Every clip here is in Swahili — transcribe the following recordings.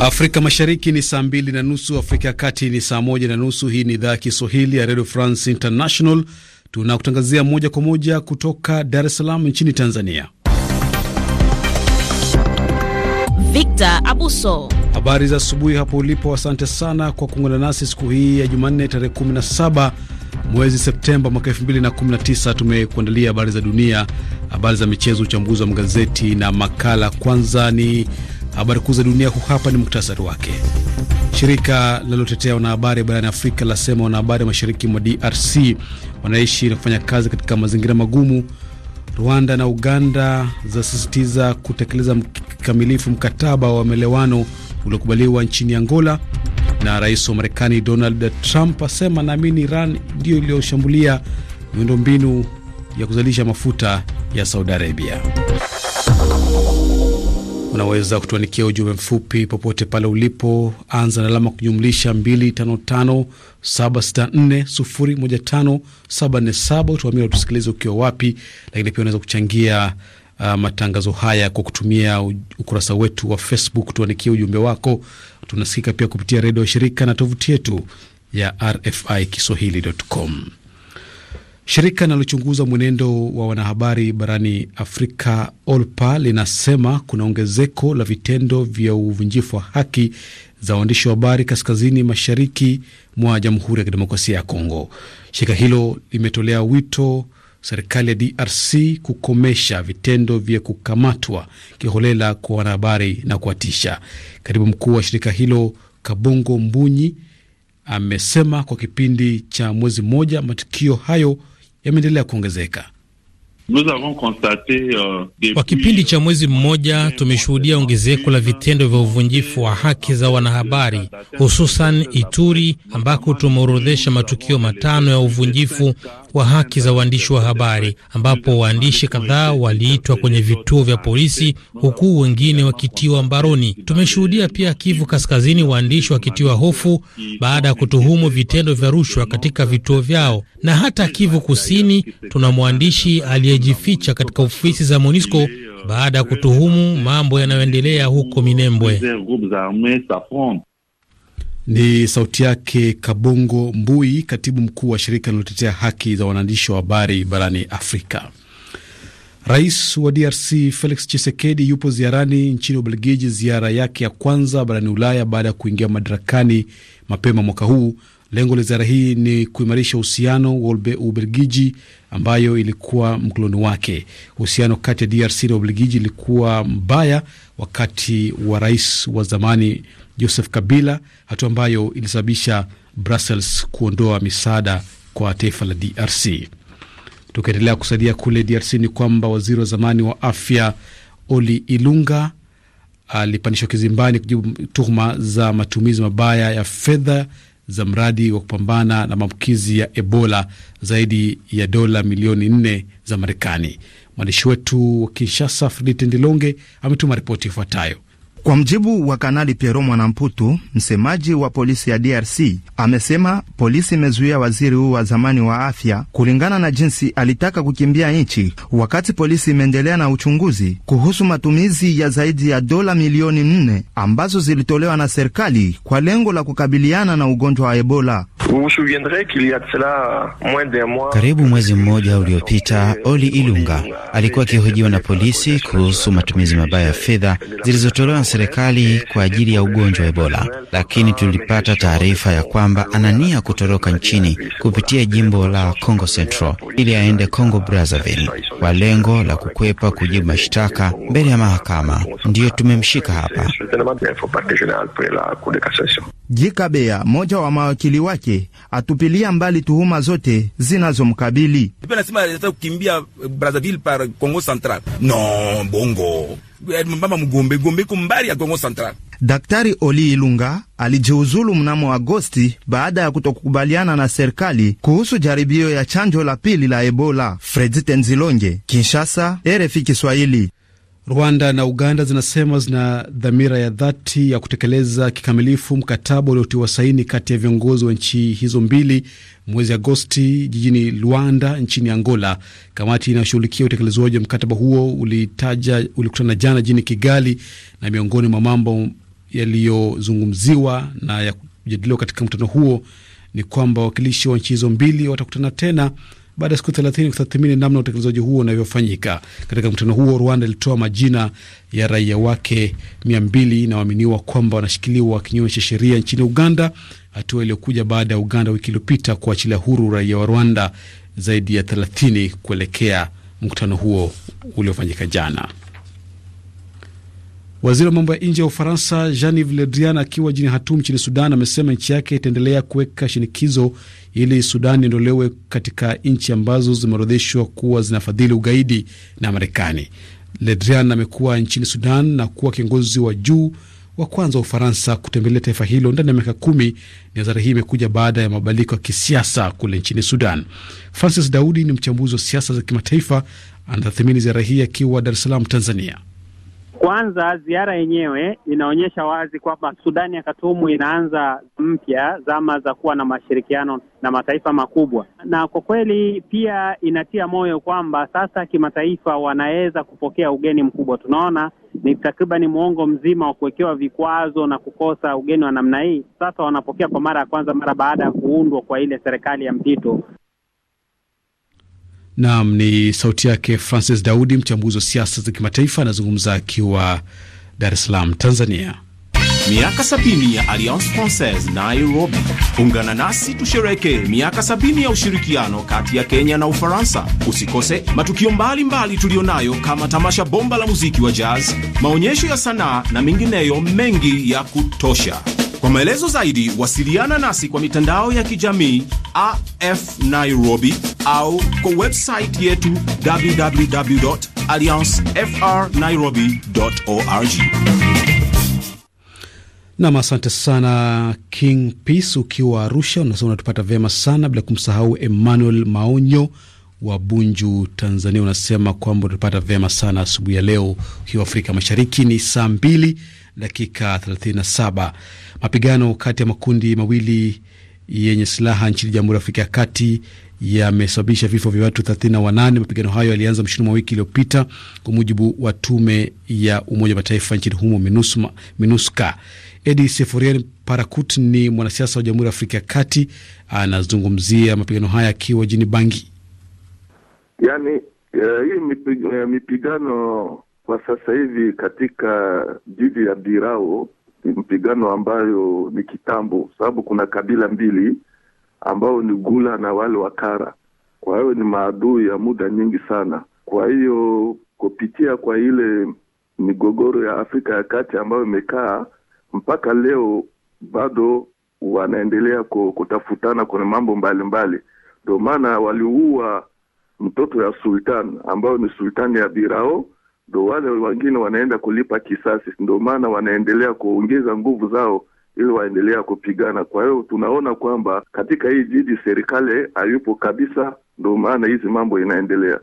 Afrika Mashariki ni saa mbili na nusu, Afrika ya Kati ni saa moja na nusu. Hii ni idhaa ya Kiswahili ya Radio France International, tunakutangazia moja kwa moja kutoka Dar es Salaam nchini Tanzania. Victor Abuso, habari za asubuhi hapo ulipo. Asante sana kwa kuungana nasi siku hii ya Jumanne, tarehe 17 mwezi Septemba mwaka 2019. Tumekuandalia habari za dunia, habari za michezo, uchambuzi wa magazeti na makala. Kwanza ni Habari kuu za dunia, huu hapa ni muktasari wake. Shirika linalotetea wanahabari barani Afrika lasema wanahabari mashariki mwa DRC wanaishi na kufanya kazi katika mazingira magumu. Rwanda na Uganda zasisitiza kutekeleza kikamilifu mkataba wa maelewano uliokubaliwa nchini Angola. Na rais wa Marekani Donald Trump asema naamini Iran ndiyo iliyoshambulia miundombinu ya kuzalisha mafuta ya Saudi Arabia. Unaweza kutuandikia ujumbe mfupi popote pale ulipo, anza na alama kujumlisha 255764015747. Tuambie utusikilize ukiwa wapi, lakini pia unaweza kuchangia uh, matangazo haya kwa kutumia ukurasa wetu wa Facebook. Tuandikie ujumbe wako. Tunasikika pia kupitia redio ya shirika na tovuti yetu ya RFI Kiswahili.com. Shirika linalochunguza mwenendo wa wanahabari barani Afrika, OLPA, linasema kuna ongezeko la vitendo vya uvunjifu wa haki za waandishi wa habari kaskazini mashariki mwa Jamhuri ya Kidemokrasia ya Kongo. Shirika hilo limetolea wito serikali ya DRC kukomesha vitendo vya kukamatwa kiholela kwa wanahabari na kuwatisha. Katibu mkuu wa shirika hilo Kabongo Mbunyi amesema kwa kipindi cha mwezi mmoja matukio hayo yameendelea kuongezeka. Euh, Kwa kipindi cha mwezi mmoja tumeshuhudia ongezeko la vitendo vya uvunjifu wa haki za wanahabari hususan Ituri, ambako tumeorodhesha matukio matano ya uvunjifu wa haki za waandishi wa habari, ambapo waandishi kadhaa waliitwa kwenye vituo vya polisi huku wengine wakitiwa mbaroni. Tumeshuhudia pia Kivu Kaskazini waandishi wakitiwa hofu baada ya kutuhumu vitendo vya rushwa katika vituo vyao, na hata Kivu Kusini tuna mwandishi aliyejificha katika ofisi za MONUSCO baada ya kutuhumu mambo yanayoendelea huko Minembwe. Ni sauti yake Kabongo Mbui, katibu mkuu wa shirika linalotetea haki za wanaandishi wa habari barani Afrika. Rais wa DRC Felix Tshisekedi yupo ziarani nchini Ubelgiji, ziara yake ya kwanza barani Ulaya baada ya kuingia madarakani mapema mwaka huu. Lengo la ziara hii ni kuimarisha uhusiano wa Ubelgiji ambayo ilikuwa mkoloni wake. Uhusiano kati ya DRC na Ubelgiji ilikuwa mbaya wakati wa rais wa zamani Joseph Kabila, hatua ambayo ilisababisha Brussels kuondoa misaada kwa taifa la DRC. Tukiendelea kusaidia kule DRC ni kwamba waziri wa zamani wa afya Oli Ilunga alipandishwa kizimbani kujibu tuhuma za matumizi mabaya ya fedha za mradi wa kupambana na maambukizi ya Ebola zaidi ya dola milioni nne za Marekani. Mwandishi wetu wa Kinshasa Fredi Tendilonge ametuma ripoti ifuatayo. Kwa mjibu wa Kanali Piero Mwanamputu, msemaji wa polisi ya DRC, amesema polisi imezuia waziri huu wa zamani wa afya kulingana na jinsi alitaka kukimbia nchi, wakati polisi imeendelea na uchunguzi kuhusu matumizi ya zaidi ya dola milioni nne ambazo zilitolewa na serikali kwa lengo la kukabiliana na ugonjwa wa Ebola. Karibu mwezi mmoja uliopita, euh, Oli Ilunga alikuwa akihojiwa na polisi kuhusu matumizi mabaya ya fedha zilizotolewa na serikali kwa ajili ya ugonjwa wa Ebola, lakini tulipata taarifa ya kwamba anania kutoroka nchini kupitia jimbo la Congo Central ili aende Congo Brazzaville kwa lengo la kukwepa kujibu mashtaka mbele ya mahakama. Ndiyo tumemshika hapa. Jikabea, moja wa mawakili wake, atupilia mbali tuhuma zote zinazomkabili. Anasema anataka kukimbia eh, Brazzaville par Congo Central. No, bongo. Eh, mama mgombe gombe iko mbali ya Congo Central. Daktari Oli Ilunga alijiuzulu mnamo Agosti baada ya kutokukubaliana na serikali kuhusu jaribio ya chanjo la pili la Ebola. Fredi Tenzilonge, Kinshasa, RFI Kiswahili. Rwanda na Uganda zinasema zina dhamira ya dhati ya kutekeleza kikamilifu mkataba uliotiwa saini kati ya viongozi wa nchi hizo mbili mwezi Agosti jijini Luanda nchini Angola. Kamati inayoshughulikia utekelezwaji wa mkataba huo ulitaja ulikutana jana jijini Kigali, na miongoni mwa mambo yaliyozungumziwa na ya kujadiliwa katika mkutano huo ni kwamba wawakilishi wa nchi hizo mbili watakutana tena baada ya siku thelathini kutathmini namna utekelezaji huo unavyofanyika. Katika mkutano huo, Rwanda ilitoa majina ya raia wake mia mbili inaoaminiwa kwamba wanashikiliwa kinyume cha sheria nchini Uganda, hatua iliyokuja baada ya Uganda wiki iliyopita kuachilia huru raia wa Rwanda zaidi ya thelathini kuelekea mkutano huo uliofanyika jana. Waziri wa mambo ya nje ya Ufaransa Jean-Yves Le Drian akiwa jini Hatum nchini Sudan amesema nchi yake itaendelea kuweka shinikizo ili Sudan iondolewe katika nchi ambazo zimeorodheshwa kuwa zinafadhili ugaidi na Marekani. Le Drian amekuwa nchini Sudan na kuwa kiongozi wa juu wa kwanza wa Ufaransa kutembelea taifa hilo ndani ya miaka kumi. Ziara hii imekuja baada ya mabadiliko ya kisiasa kule nchini Sudan. Francis Daudi ni mchambuzi wa siasa za kimataifa, anatathmini ziara hii akiwa Dar es Salaam, Tanzania. Kwanza ziara yenyewe inaonyesha wazi kwamba Sudani ya Katumu inaanza mpya zama za kuwa na mashirikiano na mataifa makubwa, na kwa kweli pia inatia moyo kwamba sasa kimataifa wanaweza kupokea ugeni mkubwa. Tunaona ni takriban muongo mzima wa kuwekewa vikwazo na kukosa ugeni wa namna hii, sasa wanapokea kwa mara ya kwanza mara baada ya kuundwa kwa ile serikali ya mpito. Naam, ni sauti yake Francis Daudi, mchambuzi wa siasa za kimataifa, anazungumza akiwa Dar es Salaam, Tanzania. Miaka sabini ya Alliance Francaise Nairobi. Ungana nasi tushereke miaka sabini ya ushirikiano kati ya Kenya na Ufaransa. Usikose matukio mbalimbali tuliyonayo kama tamasha bomba la muziki wa jazz, maonyesho ya sanaa na mengineyo mengi ya kutosha. Kwa maelezo zaidi wasiliana nasi kwa mitandao ya kijamii AF Nairobi au kwa website yetu www alliance fr nairobi org. Nam, asante sana King Peace ukiwa Arusha, unasema unatupata vyema sana, bila kumsahau Emmanuel Maonyo wa Bunju, Tanzania, unasema kwamba unatupata vyema sana asubuhi ya leo ukiwa Afrika Mashariki. Ni saa mbili dakika 37. Mapigano kati ya makundi mawili yenye silaha nchini Jamhuri ya Afrika ya Kati yamesababisha vifo vya watu 38. Mapigano hayo yalianza mwishoni mwa wiki iliyopita, kwa mujibu wa tume ya Umoja wa Mataifa nchini humo MINUSMA, MINUSCA. Edi Seforian Parakut ni mwanasiasa wa Jamhuri ya Afrika ya Kati, anazungumzia mapigano haya akiwa jini Bangi. Yani, uh, hii eh, mipigano kwa sasa hivi katika jiji la Birao ni mpigano ambayo ni kitambo, sababu kuna kabila mbili ambao ni Gula na wale wa kara Kwa hiyo ni maadui ya muda nyingi sana. Kwa hiyo kupitia kwa ile migogoro ya Afrika ya Kati ambayo imekaa mpaka leo, bado wanaendelea kutafutana kwenye mambo mbalimbali. Ndio maana waliua mtoto ya sultan ambayo ni sultani ya Birao ndo wale wengine wanaenda kulipa kisasi, ndo maana wanaendelea kuongeza nguvu zao ili waendelea kupigana. Kwa hiyo tunaona kwamba katika hii jiji serikali hayupo kabisa, ndo maana hizi mambo inaendelea.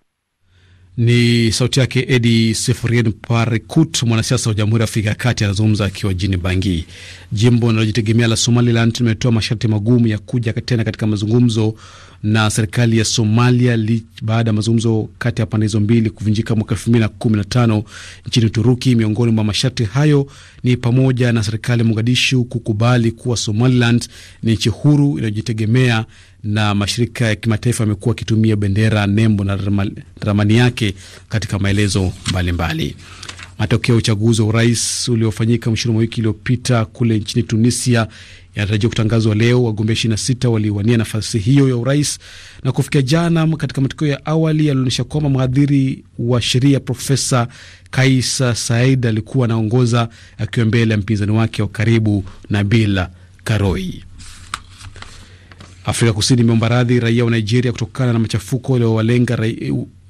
Ni sauti yake Edi Sefurien Parekut, mwanasiasa wa Jamhuri ya Afrika ya Kati, anazungumza akiwa jini Bangi. Jimbo linalojitegemea la Somaliland limetoa masharti magumu ya kuja tena katika mazungumzo na serikali ya Somalia baada ya mazungumzo kati ya pande hizo mbili kuvunjika mwaka elfu mbili na kumi na tano nchini Uturuki. Miongoni mwa masharti hayo ni pamoja na serikali ya Mogadishu kukubali kuwa Somaliland ni nchi huru inayojitegemea na mashirika ya kimataifa yamekuwa akitumia bendera, nembo na ramani yake katika maelezo mbalimbali. Matokeo ya uchaguzi wa urais uliofanyika mwishoni mwa wiki iliyopita kule nchini Tunisia yanatarajiwa kutangazwa leo. Wagombea 26 waliwania nafasi hiyo ya urais, na kufikia jana, katika matokeo ya awali yalionyesha kwamba mhadhiri wa sheria Profesa Kaisa Said alikuwa anaongoza akiwa mbele ya mpinzani wake wa karibu Nabil Karoi. Afrika Kusini imeomba radhi raia wa Nigeria kutokana na machafuko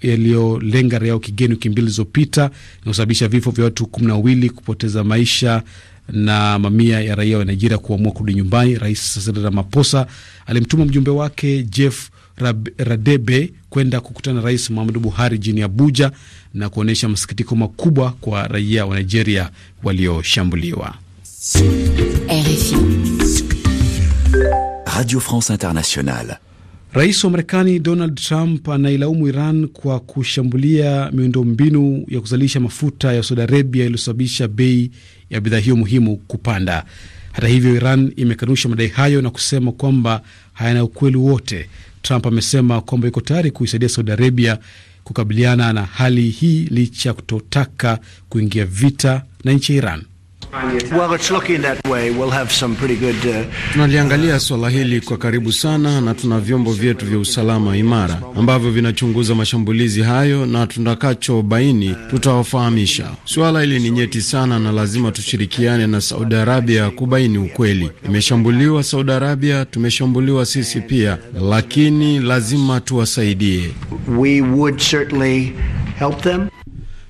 yaliyolenga raia, wa kigeni wiki mbili zilizopita na kusababisha vifo vya watu kumi na wawili kupoteza maisha na mamia ya raia wa Nigeria kuamua kurudi nyumbani. Rais Cyril Ramaphosa alimtuma mjumbe wake Jeff Radebe kwenda kukutana na Rais Muhammadu Buhari jini Abuja na kuonyesha masikitiko makubwa kwa raia wa Nigeria walioshambuliwa. RFI Radio France Internationale. Rais wa Marekani Donald Trump anailaumu Iran kwa kushambulia miundombinu ya kuzalisha mafuta ya Saudi Arabia iliyosababisha bei ya bidhaa hiyo muhimu kupanda. Hata hivyo, Iran imekanusha madai hayo na kusema kwamba hayana ukweli wote. Trump amesema kwamba iko tayari kuisaidia Saudi Arabia kukabiliana na hali hii licha ya kutotaka kuingia vita na nchi ya Iran. Uh, tunaliangalia swala hili kwa karibu sana na tuna vyombo vyetu vya usalama imara ambavyo vinachunguza mashambulizi hayo na tutakachobaini tutawafahamisha. suala hili ni nyeti sana na lazima tushirikiane na Saudi Arabia kubaini ukweli. Imeshambuliwa Saudi Arabia, tumeshambuliwa sisi pia, lakini lazima tuwasaidie. We would certainly help them.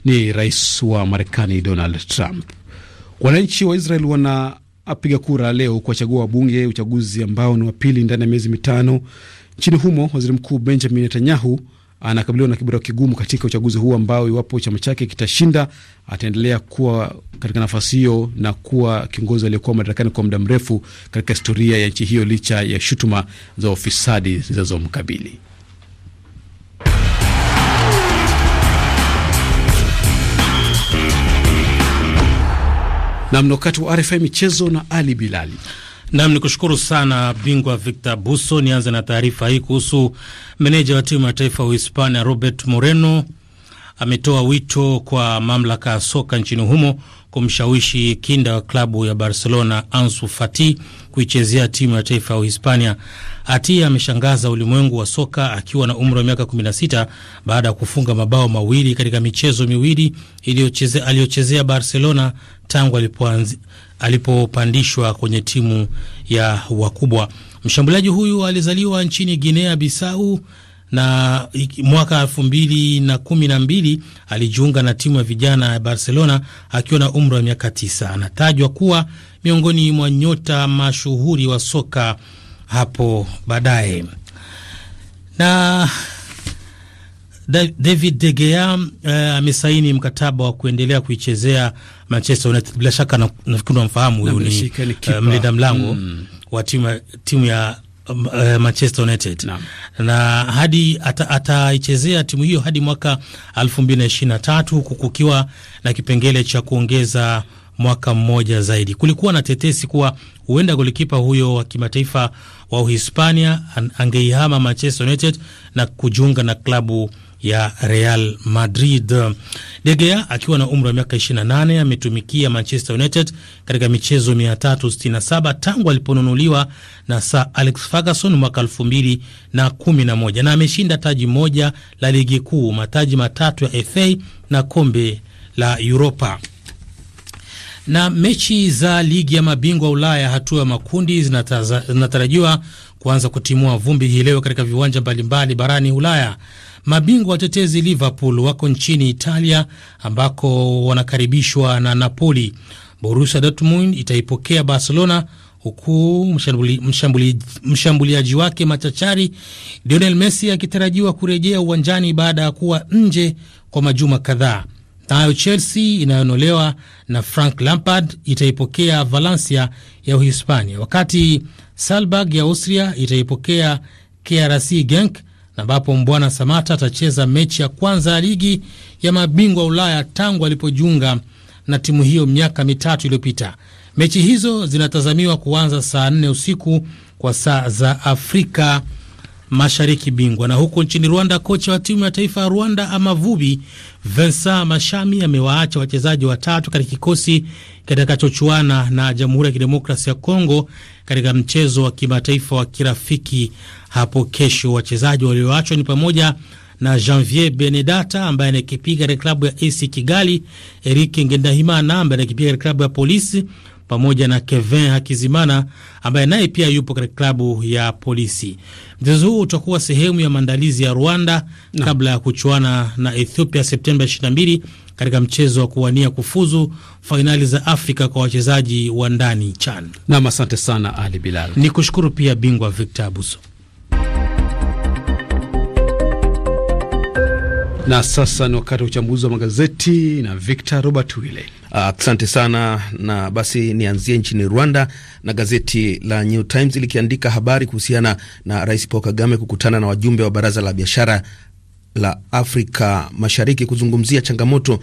Ni Rais wa Marekani Donald Trump. Wananchi wa Israel wanapiga kura leo kuwachagua wabunge, uchaguzi ambao ni wa pili ndani ya miezi mitano nchini humo. Waziri Mkuu Benjamin Netanyahu anakabiliwa na kibarua kigumu katika uchaguzi huu ambao iwapo chama chake kitashinda ataendelea kuwa katika nafasi hiyo na kuwa kiongozi aliyekuwa madarakani kwa muda mrefu katika historia ya nchi hiyo licha ya shutuma za ufisadi zinazomkabili. Nam ni wakati wa RFI michezo na Ali Bilali. Nam ni kushukuru sana bingwa Victor Buso. Nianze na taarifa hii kuhusu meneja wa timu ya taifa wa Hispania Robert Moreno ametoa wito kwa mamlaka ya soka nchini humo kumshawishi kinda wa klabu ya Barcelona Ansu Fati kuichezea timu ya taifa ya Uhispania. Ati ameshangaza ulimwengu wa soka akiwa na umri wa miaka 16 baada ya kufunga mabao mawili katika michezo miwili aliyochezea Barcelona tangu alipopandishwa kwenye timu ya wakubwa. Mshambuliaji huyu alizaliwa nchini Guinea Bissau na mwaka elfu mbili na kumi na mbili alijiunga na timu ya vijana ya Barcelona akiwa na umri wa miaka tisa. Anatajwa kuwa miongoni mwa nyota mashuhuri wa soka hapo baadaye na David De Gea eh, amesaini mkataba wa kuendelea kuichezea Manchester United. Bila shaka nafikiri unamfahamu huyu ni uh, mlinda mlango mm, wa timu, timu ya uh, Manchester United na, na hadi ataichezea ata timu hiyo hadi mwaka 2023 huku kukiwa na kipengele cha kuongeza mwaka mmoja zaidi. Kulikuwa na tetesi kuwa huenda golikipa huyo wa kimataifa wa Uhispania angeihama Manchester United na kujiunga na klabu ya Real Madrid. De Gea akiwa na umri wa miaka 28 ametumikia Manchester United katika michezo 367 tangu aliponunuliwa na Sir Alex Ferguson mwaka 2011 na ameshinda taji moja la ligi kuu, mataji matatu ya FA na kombe la Europa. Na mechi za ligi ya mabingwa Ulaya hatua ya makundi zinatarajiwa kuanza kutimua vumbi hii leo katika viwanja mbalimbali barani Ulaya. Mabingwa watetezi Liverpool wako nchini Italia ambako wanakaribishwa na Napoli. Borussia Dortmund itaipokea Barcelona huku mshambuliaji mshambuli, mshambuli wake machachari Lionel Messi akitarajiwa kurejea uwanjani baada ya kuwa nje kwa majuma kadhaa. Nayo Chelsea inayonolewa na Frank Lampard itaipokea Valencia ya Uhispania, wakati Salzburg ya Austria itaipokea KRC Genk, na ambapo Mbwana Samata atacheza mechi ya kwanza ya ligi ya mabingwa Ulaya tangu alipojiunga na timu hiyo miaka mitatu iliyopita. Mechi hizo zinatazamiwa kuanza saa nne usiku kwa saa za Afrika mashariki bingwa. Na huko nchini Rwanda, kocha wa timu ya taifa ya Rwanda Amavubi Vincent Mashami amewaacha wachezaji watatu katika kikosi kitakachochuana na Jamhuri ya kidemokrasi ya Kongo katika mchezo wa kimataifa wa kirafiki hapo kesho. Wachezaji walioachwa ni pamoja na Janvier Benedata ambaye anakipiga katika klabu ya AC Kigali, Eric Ngendahimana ambaye anakipiga katika klabu ya Polisi, pamoja na Kevin Hakizimana ambaye naye pia yupo katika klabu ya polisi. Mchezo huu utakuwa sehemu ya maandalizi ya Rwanda na kabla ya kuchuana na Ethiopia Septemba 22 katika mchezo wa kuwania kufuzu fainali za Afrika kwa wachezaji wa ndani CHAN. Nam, asante sana Ali Bilal. Ni kushukuru pia bingwa Victor Abuso. Na sasa ni wakati wa uchambuzi wa magazeti na Victor Robert Wile. Ah, asante uh, sana. Na basi nianzie nchini Rwanda, na gazeti la New Times likiandika habari kuhusiana na Rais Paul Kagame kukutana na wajumbe wa Baraza la Biashara la Afrika Mashariki kuzungumzia changamoto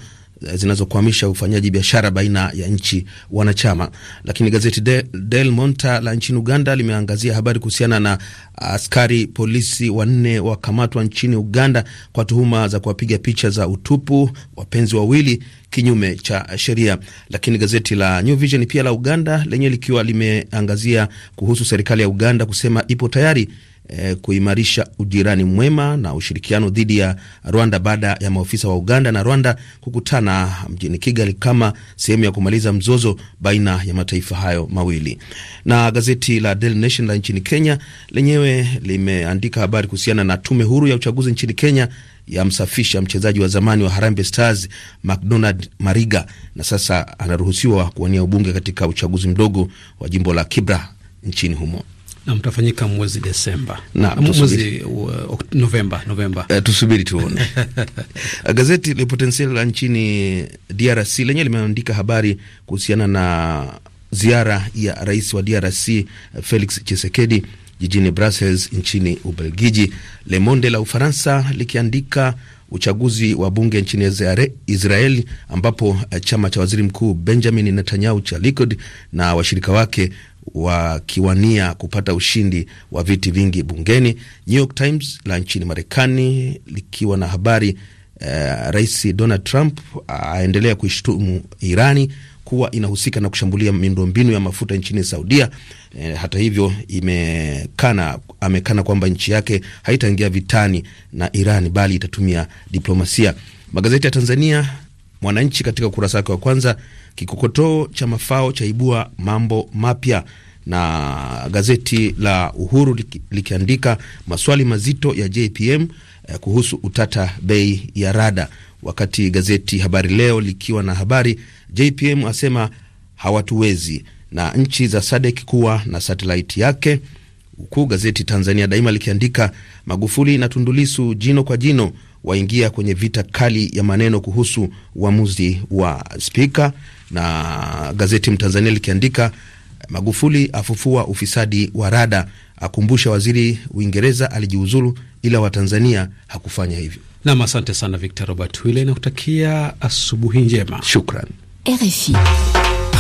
zinazokwamisha ufanyaji biashara baina ya nchi wanachama. Lakini gazeti Del, Monta la nchini Uganda limeangazia habari kuhusiana na askari polisi wanne wakamatwa nchini Uganda kwa tuhuma za kuwapiga picha za utupu wapenzi wawili kinyume cha sheria. Lakini gazeti la New Vision pia la Uganda lenyewe likiwa limeangazia kuhusu serikali ya Uganda kusema ipo tayari eh, kuimarisha ujirani mwema na ushirikiano dhidi ya Rwanda baada ya maofisa wa Uganda na Rwanda kukutana mjini Kigali kama sehemu ya kumaliza mzozo baina ya mataifa hayo mawili. Na gazeti la Daily Nation la nchini Kenya lenyewe limeandika habari kuhusiana na tume huru ya uchaguzi nchini Kenya yamsafisha mchezaji wa zamani wa Harambee Stars McDonald Mariga na sasa anaruhusiwa kuwania ubunge katika uchaguzi mdogo wa jimbo la Kibra nchini humo na mtafanyika mwezi Desemba na mwezi Novemba, Novemba. Uh, eh, tusubiri tuone. Eh, gazeti Le Potentiel la nchini DRC lenyewe limeandika habari kuhusiana na ziara ya rais wa DRC eh, Felix Tshisekedi jijini Brussels nchini Ubelgiji. Le Monde la Ufaransa likiandika uchaguzi wa bunge nchini Israeli ambapo chama cha waziri mkuu Benjamin Netanyahu cha Likud na washirika wake wakiwania kupata ushindi wa viti vingi bungeni. New York Times la nchini Marekani likiwa na habari eh, Rais Donald Trump aendelea kuishtumu Irani kuwa inahusika na kushambulia miundombinu ya mafuta nchini Saudia. E, hata hivyo imekana, amekana kwamba nchi yake haitaingia vitani na Iran bali itatumia diplomasia. Magazeti ya Tanzania Mwananchi katika ukurasa wake wa kwanza Kikokotoo cha mafao chaibua mambo mapya, na gazeti la Uhuru liki, likiandika maswali mazito ya JPM eh, kuhusu utata bei ya rada, wakati gazeti Habari Leo likiwa na habari JPM asema hawatuwezi na nchi za SADC kuwa na satelaiti yake, huku gazeti Tanzania Daima likiandika Magufuli na Tundulisu jino kwa jino waingia kwenye vita kali ya maneno kuhusu uamuzi wa spika na gazeti Mtanzania likiandika Magufuli afufua ufisadi wa rada, akumbusha waziri Uingereza alijiuzulu ila Watanzania hakufanya hivyo. Nam, asante sana Victor Robert Wile, nakutakia asubuhi njema, shukran. RFI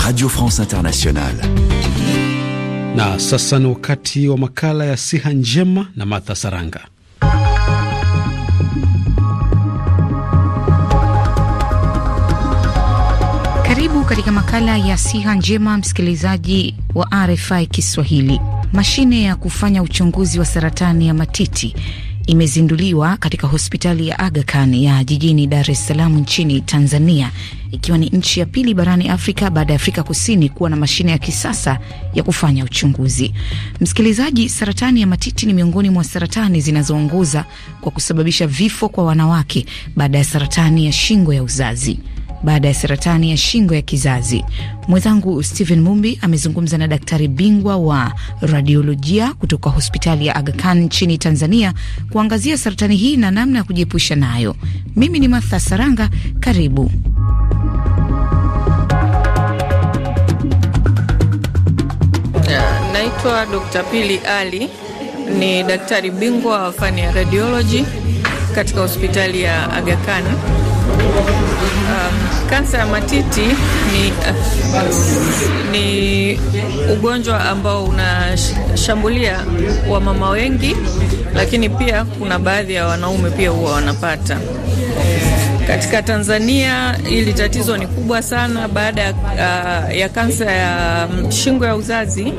Radio France Internationale. Na sasa ni wakati wa makala ya siha njema na Martha Saranga. katika makala ya siha njema, msikilizaji wa RFI Kiswahili. Mashine ya kufanya uchunguzi wa saratani ya matiti imezinduliwa katika hospitali ya Aga Khan ya jijini Dar es Salaam nchini Tanzania, ikiwa ni nchi ya pili barani Afrika baada ya Afrika Kusini kuwa na mashine ya kisasa ya kufanya uchunguzi. Msikilizaji, saratani ya matiti ni miongoni mwa saratani zinazoongoza kwa kusababisha vifo kwa wanawake baada ya saratani ya shingo ya uzazi baada ya saratani ya shingo ya kizazi. Mwenzangu Stephen Mumbi amezungumza na daktari bingwa wa radiolojia kutoka hospitali ya Aga Khan nchini Tanzania kuangazia saratani hii na namna ya kujiepusha nayo. Mimi ni Martha Saranga, karibu. Naitwa Dr. Pili Ali, ni daktari bingwa wa fani ya radioloji katika hospitali ya Aga Khan. Kansa ya matiti ni, ni ugonjwa ambao unashambulia wamama wengi, lakini pia kuna baadhi ya wanaume pia huwa wanapata. Katika Tanzania hili tatizo ni kubwa sana. Baada ya, ya kansa ya shingo ya uzazi,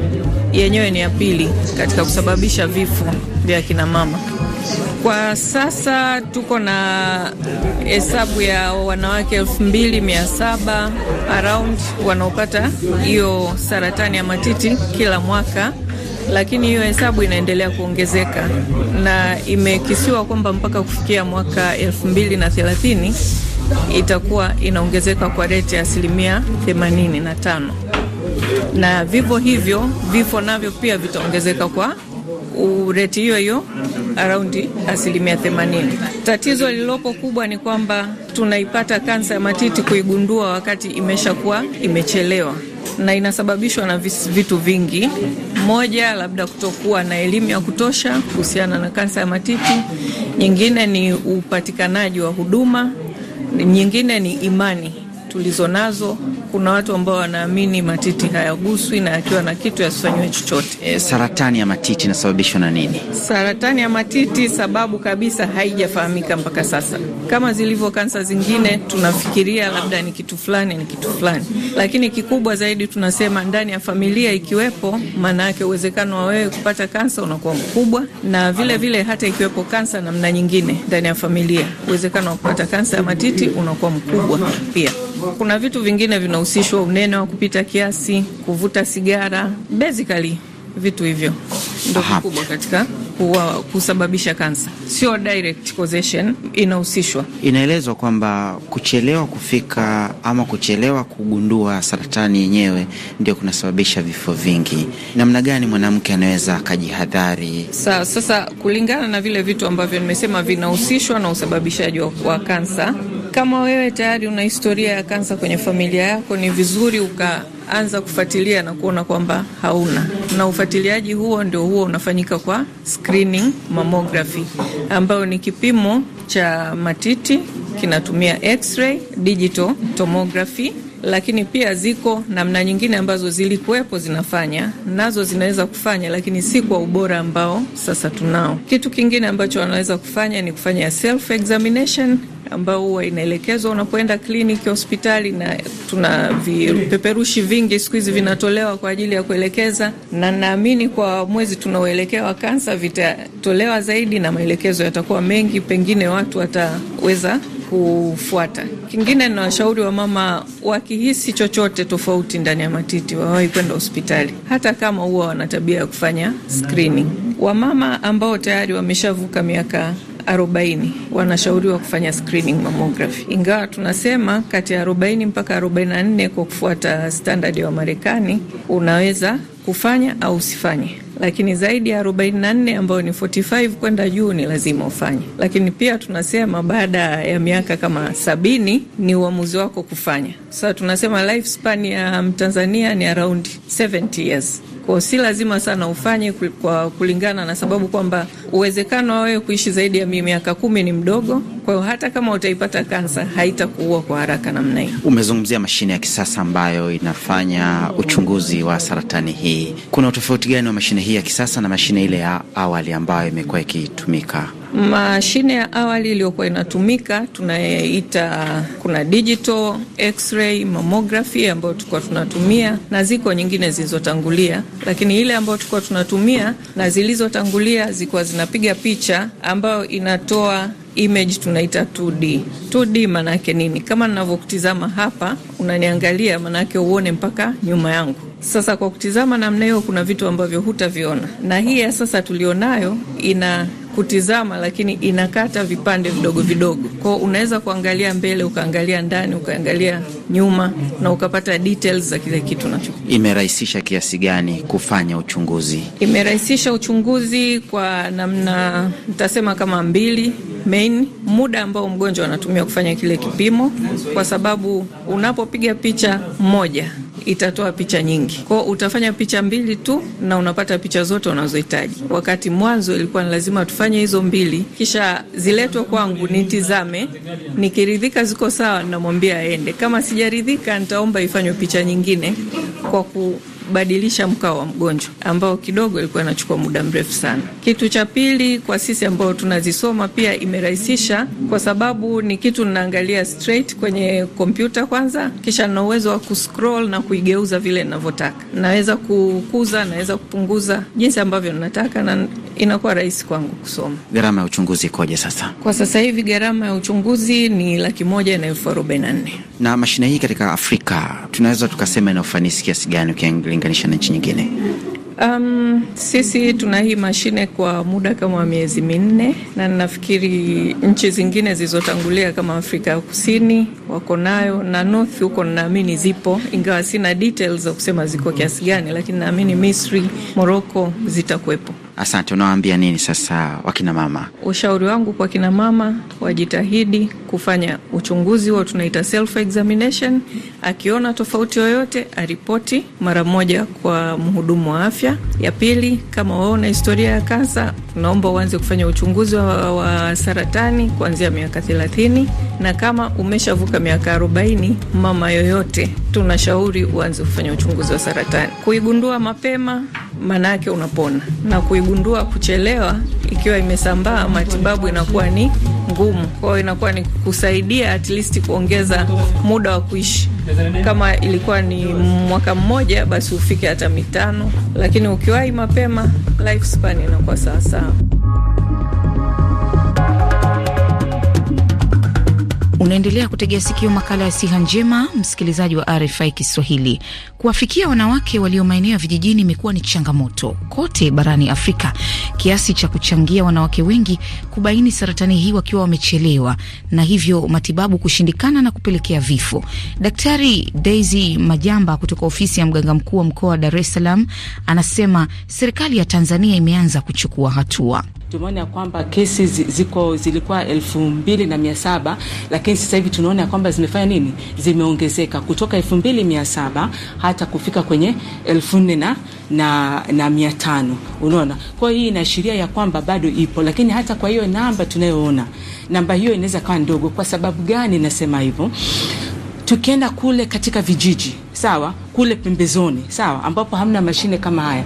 yenyewe ni ya pili katika kusababisha vifo vya kina mama. Kwa sasa tuko na hesabu ya wanawake elfu mbili mia saba around wanaopata hiyo saratani ya matiti kila mwaka, lakini hiyo hesabu inaendelea kuongezeka na imekisiwa kwamba mpaka kufikia mwaka elfu mbili na thelathini itakuwa inaongezeka kwa reti ya asilimia 85, na vivyo hivyo vifo navyo pia vitaongezeka kwa ureti hiyo hiyo araundi asilimia themanini. Tatizo lililopo kubwa ni kwamba tunaipata kansa ya matiti kuigundua wakati imeshakuwa imechelewa na inasababishwa na vitu vingi. Moja, labda kutokuwa na elimu ya kutosha kuhusiana na kansa ya matiti. Nyingine ni upatikanaji wa huduma. Nyingine ni imani tulizonazo kuna watu ambao wanaamini matiti hayaguswi na akiwa na kitu yasifanyiwe chochote. E, saratani ya matiti inasababishwa na nini? Saratani ya matiti sababu kabisa haijafahamika mpaka sasa. Kama zilivyo kansa zingine, tunafikiria labda ni kitu fulani, ni kitu fulani, lakini kikubwa zaidi tunasema ndani ya familia ikiwepo, maana yake uwezekano wa wewe kupata kansa unakuwa mkubwa, na vile vile hata ikiwepo kansa namna nyingine ndani ya familia, uwezekano wa kupata kansa ya matiti unakuwa mkubwa pia. Kuna vitu vingine vinahusishwa, unene wa kupita kiasi, kuvuta sigara, basically vitu hivyo ndio kikubwa katika kuwa, kusababisha kansa. Sio direct causation inahusishwa. Inaelezwa kwamba kuchelewa kufika ama kuchelewa kugundua saratani yenyewe ndio kunasababisha vifo vingi. Namna gani mwanamke anaweza akajihadhari? Sa, sasa kulingana na vile vitu ambavyo nimesema vinahusishwa na usababishaji wa kansa kama wewe tayari una historia ya kansa kwenye familia yako, ni vizuri ukaanza kufuatilia na kuona kwamba hauna, na ufuatiliaji huo ndio huo unafanyika kwa screening mammography, ambayo ni kipimo cha matiti kinatumia x-ray, digital tomography lakini pia ziko namna nyingine ambazo zilikuwepo zinafanya nazo zinaweza kufanya, lakini si kwa ubora ambao sasa tunao. Kitu kingine ambacho wanaweza kufanya ni kufanya self examination ambao huwa inaelekezwa unapoenda kliniki hospitali, na tuna vipeperushi vingi siku hizi vinatolewa kwa ajili ya kuelekeza, na naamini kwa mwezi tunaoelekea wa kansa vitatolewa zaidi na maelekezo yatakuwa mengi, pengine watu wataweza kufuata. Kingine na washauri wa mama, wakihisi chochote tofauti ndani ya matiti wawahi kwenda hospitali, hata kama huwa wana tabia ya kufanya screening. Wamama ambao tayari wameshavuka miaka arobaini wanashauriwa kufanya screening mammography, ingawa tunasema kati ya arobaini mpaka arobaini na nne kwa kufuata standard ya Marekani unaweza kufanya au usifanye lakini zaidi ya 44 ambayo ni 45 kwenda juu ni lazima ufanye. Lakini pia tunasema baada ya miaka kama sabini ni uamuzi wako kufanya. Sasa so, tunasema lifespan ya Mtanzania ni around 70 years kwa si lazima sana ufanye kwa kulingana na sababu kwamba uwezekano wa wewe kuishi zaidi ya miaka kumi ni mdogo. Kwa hiyo hata kama utaipata kansa haitakuua kwa haraka namna hiyo. Umezungumzia mashine ya kisasa ambayo inafanya uchunguzi wa saratani hii. Kuna utofauti gani wa mashine hii ya kisasa na mashine ile ya awali ambayo imekuwa ikitumika? Mashine ya awali iliyokuwa inatumika tunayeita, kuna digital x-ray mammography ambayo tulikuwa tunatumia na ziko nyingine zilizotangulia, lakini ile ambayo tulikuwa tunatumia na zilizotangulia zilikuwa zinapiga picha ambayo inatoa image tunaita 2D. 2D maana yake nini? Kama ninavyokutizama hapa, unaniangalia, maana yake uone mpaka nyuma yangu sasa kwa kutizama namna hiyo, kuna vitu ambavyo hutaviona, na hii ya sasa tulionayo ina kutizama lakini inakata vipande vidogo vidogo, kwao unaweza kuangalia mbele ukaangalia ndani ukaangalia nyuma na ukapata details za kile kitu nacho. Imerahisisha kiasi gani kufanya uchunguzi? Imerahisisha uchunguzi kwa namna nitasema kama mbili main, muda ambao mgonjwa anatumia kufanya kile kipimo, kwa sababu unapopiga picha moja itatoa picha nyingi. Kwao utafanya picha mbili tu na unapata picha zote unazohitaji, wakati mwanzo ilikuwa ni lazima tufanye hizo mbili, kisha ziletwe kwangu nitizame, nikiridhika ziko sawa, namwambia aende. Kama sijaridhika, nitaomba ifanywe picha nyingine kwa ku kubadilisha mkao wa mgonjwa ambao kidogo ilikuwa inachukua muda mrefu sana. Kitu cha pili, kwa sisi ambao tunazisoma pia imerahisisha, kwa sababu ni kitu ninaangalia straight kwenye kompyuta kwanza, kisha nina uwezo wa kuscroll na kuigeuza vile ninavyotaka. Naweza kukuza, naweza kupunguza jinsi ambavyo ninataka na inakuwa rahisi kwangu kusoma. Gharama ya uchunguzi ikoje sasa? Kwa sasa hivi gharama ya uchunguzi ni laki moja na elfu arobaini na nne. Na mashine hii katika Afrika tunaweza tukasema ina ufanisi kiasi gani ukiangalia ukilinganisha na nchi nyingine? Um, sisi tuna hii mashine kwa muda kama miezi minne, na nafikiri nchi zingine zilizotangulia kama Afrika ya Kusini wako nayo na North huko naamini zipo, ingawa sina details za kusema ziko kiasi gani, lakini naamini Misri, Morocco zitakuwepo. Asante, unawaambia nini sasa wakina mama? Ushauri wangu kwa kina mama wajitahidi kufanya uchunguzi wa tunaita self examination. Akiona tofauti yoyote aripoti mara moja kwa mhudumu wa afya. Ya pili, kama waona historia ya kansa, naomba uanze kufanya uchunguzi wa, wa saratani kuanzia miaka thelathini na kama umeshavuka miaka 40, mama yoyote, tunashauri uanze kufanya uchunguzi wa saratani. Kuigundua mapema, maana yake unapona, na kuigundua kuchelewa, ikiwa imesambaa, matibabu inakuwa ni ngumu. Kwa hiyo inakuwa ni kusaidia at least kuongeza muda wa kuishi. Kama ilikuwa ni mwaka mmoja, basi ufike hata mitano, lakini ukiwahi mapema, lifespan inakuwa sawasawa. Unaendelea kutegea sikio makala ya siha njema, msikilizaji wa RFI Kiswahili. Kuwafikia wanawake walio maeneo ya vijijini imekuwa ni changamoto kote barani Afrika, kiasi cha kuchangia wanawake wengi kubaini saratani hii wakiwa wamechelewa, na hivyo matibabu kushindikana na kupelekea vifo. Daktari Daisy Majamba kutoka ofisi ya mganga mkuu wa mkoa wa Dar es Salaam anasema serikali ya Tanzania imeanza kuchukua hatua. Tumeona ya kwamba kesi ziko zilikuwa elfu mbili na mia saba lakini sasa hivi tunaona ya kwamba zimefanya nini, zimeongezeka kutoka elfu mbili mia saba hata kufika kwenye elfu nne na, na, na mia tano. Unaona, kwa hiyo hii inaashiria ya kwamba bado ipo, lakini hata kwa hiyo namba tunayoona namba hiyo inaweza kawa ndogo. Kwa sababu gani nasema hivyo? Tukienda kule katika vijiji sawa, kule pembezoni sawa, ambapo hamna mashine kama haya,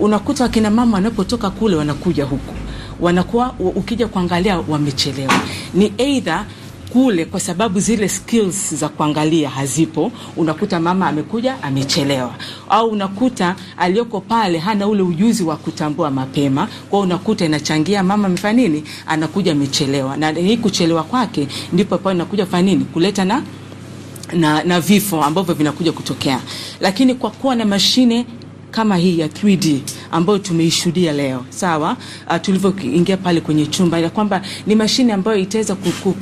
unakuta wakina mama wanapotoka kule wanakuja huku, wanakuwa ukija kuangalia wamechelewa, ni either kule, kwa sababu zile skills za kuangalia hazipo. Unakuta mama amekuja amechelewa, au unakuta aliyoko pale hana ule ujuzi wa kutambua mapema, kwa unakuta inachangia mama amefanya nini, anakuja amechelewa, na hii kuchelewa kwake ndipo pale inakuja fanya nini, kuleta na na, na vifo ambavyo vinakuja kutokea, lakini kwa kuwa na mashine kama hii ya 3D ambayo tumeishuhudia leo, sawa, uh, tulivyoingia pale kwenye chumba, ya kwamba ni mashine ambayo itaweza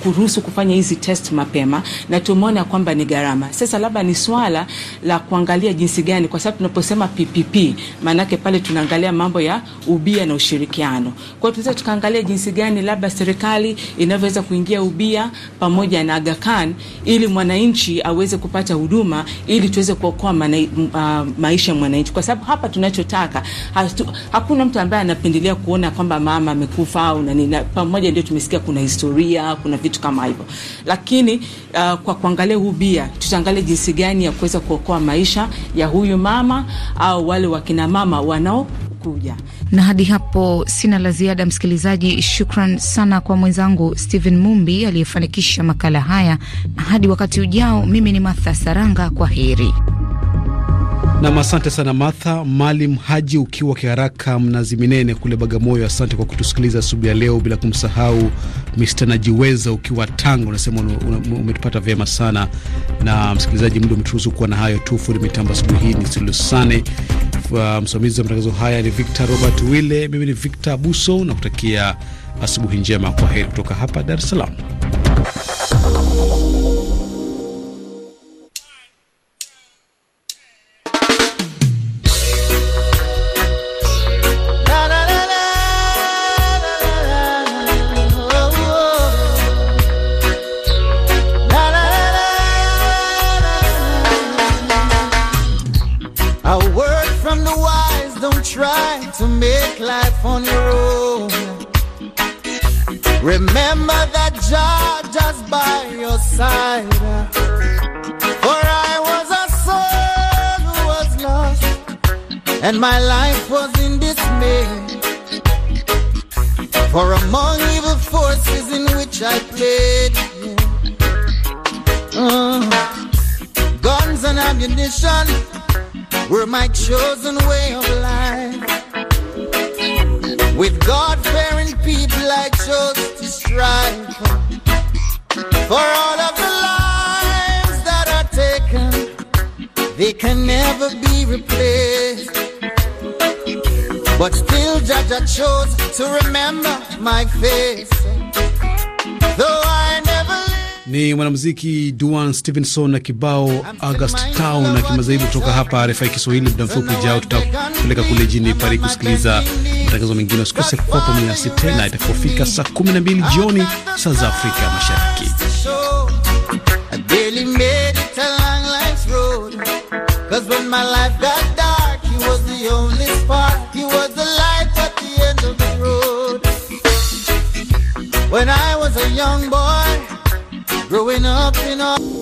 kuruhusu kufanya hizi test mapema, na tumeona kwamba ni gharama. Sasa labda ni swala la kuangalia jinsi gani, kwa sababu tunaposema PPP maanake pale tunaangalia mambo ya ubia na ushirikiano. Kwa hiyo tunaweza tukaangalia jinsi gani labda serikali inavyoweza kuingia ubia pamoja na Aga Khan ili mwananchi aweze kupata huduma ili tuweze kuokoa uh, maisha mwananchi kwa sababu hapa tunachotaka hastu, hakuna mtu ambaye anapendelea kuona kwamba mama amekufa au na nini. Pamoja ndio tumesikia kuna historia, kuna vitu kama hivyo, lakini uh, kwa kuangalia huu bia tutaangalia jinsi gani ya kuweza kuokoa maisha ya huyu mama au wale wakina mama wanao Kuja. Na hadi hapo sina la ziada, msikilizaji. Shukran sana kwa mwenzangu Stephen Mumbi aliyefanikisha makala haya. Hadi wakati ujao, mimi ni Martha Saranga, kwa heri. Nam, asante sana Martha Malim Haji, ukiwa Kiharaka Mnazi Minene kule Bagamoyo. Asante kwa kutusikiliza asubuhi ya leo, bila kumsahau Mr Najiweza ukiwa Tanga, unasema umetupata vyema sana. Na msikilizaji, muda umeturuhusu kuwa na hayo tu. Fundi mitambo asubuhi hii ni Silusane, uh, msimamizi wa matangazo haya ni Victor Robert Wille, mimi ni Victor Buso na kutakia asubuhi njema. Kwa heri kutoka hapa Dar es Salaam. and my life was in dismay. For among evil forces in which I played, uh, guns and ammunition were my chosen way of life. With God-fearing people, I chose to strive for all of the lives that are taken. They can never be replaced. But still, Jaja chose to remember my face. Though I never ni mwanamuziki Duan Stevenson na kibao August Town na kimaza kimazaibu kutoka hapa RFI Kiswahili. Muda mfupi ujao tutakupeleka kule jini Paris kusikiliza matangazo mengine. Usikose kuwa pamoja nasi tena itakapofika saa 12 jioni saa za Afrika Mashariki. Cause when my life got down When I was a young boy, growing up in a...